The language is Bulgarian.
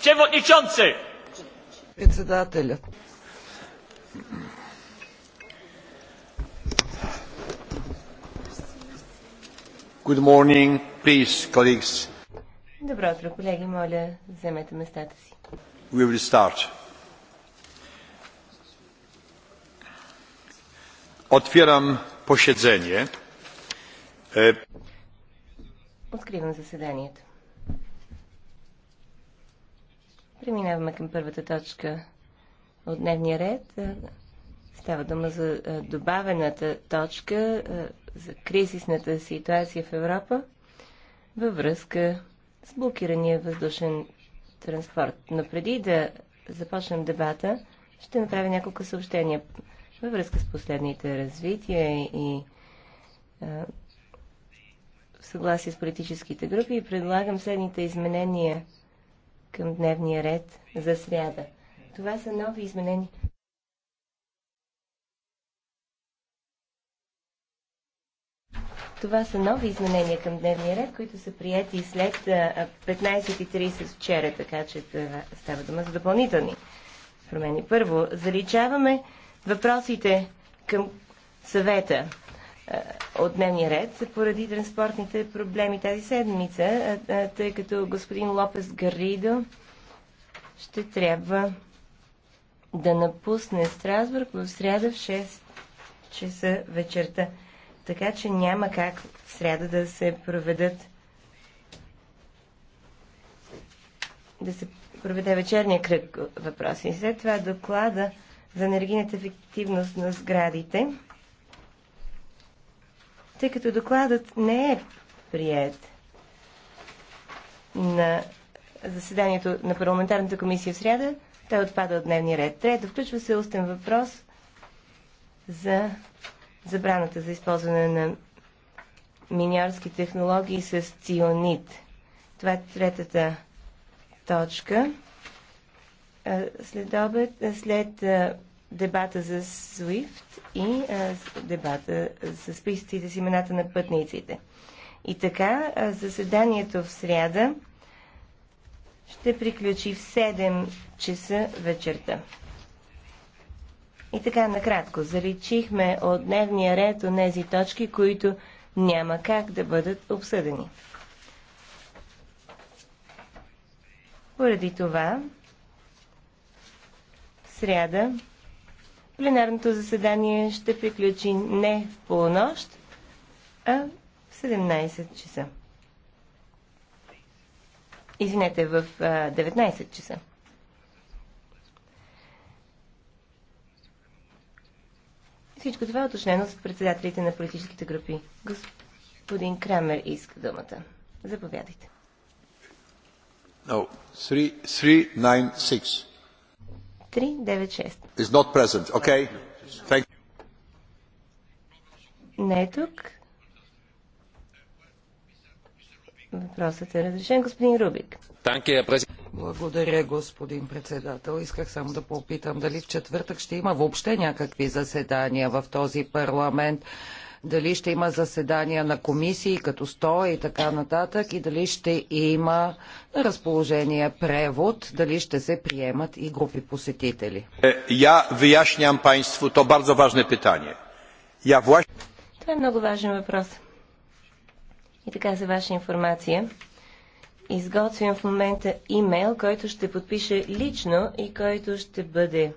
Przewodniczący! Председателят. Good morning, please, colleagues. Добро утро, колеги. Моля, вземете местата си. We will start. Otwieram posiedzenie. Откривам заседанието. Преминаваме към първата точка от дневния ред. Става дума за добавената точка за кризисната ситуация в Европа във връзка с блокирания въздушен транспорт. Но преди да започнем дебата, ще направя няколко съобщения във връзка с последните развития и в съгласие с политическите групи предлагам следните изменения – към дневния ред за сряда. Това са нови изменения. Това са нови изменения към дневния ред, които са прияти след 15.30 вчера, така че става дума за допълнителни промени. Първо, заличаваме въпросите към съвета. Е, от дневния ред поради транспортните проблеми тази седмица, е, е, тъй като господин Лопес Гаридо ще трябва да напусне Страсбург в сряда в 6 часа вечерта. Така че няма как в сряда да се проведат да се проведе вечерния кръг въпроси. След това доклада за енергийната ефективност на сградите. Тъй като докладът не е прият на заседанието на парламентарната комисия в среда, той отпада от дневния ред. Трето, включва се устен въпрос за забраната за използване на миньорски технологии с ционит. Това е третата точка. Е, след обед, е, след е, дебата за SWIFT и а, дебата за списъците с имената на пътниците. И така, а, заседанието в сряда ще приключи в 7 часа вечерта. И така, накратко, заличихме от дневния ред от тези точки, които няма как да бъдат обсъдени. Поради това, в сряда Пленарното заседание ще приключи не в полунощ, а в 17 часа. Извинете, в 19 часа. Всичко това е уточнено с председателите на политическите групи. Господин Крамер иска думата. Заповядайте. No, Is not present. Okay. Thank Не е тук. Въпросът е разрешен. Господин Рубик. Танки, благодаря, господин председател. Исках само да попитам дали в четвъртък ще има въобще някакви заседания в този парламент. Дали ще има заседания на комисии като стоя и така нататък и дали ще има на разположение превод, дали ще се приемат и групи посетители. Е, я выясням państwu то бързо важно питание. Я Това е много важен въпрос. И така за ваша информация. Изготвям в момента имейл, който ще подпиша лично и който ще бъде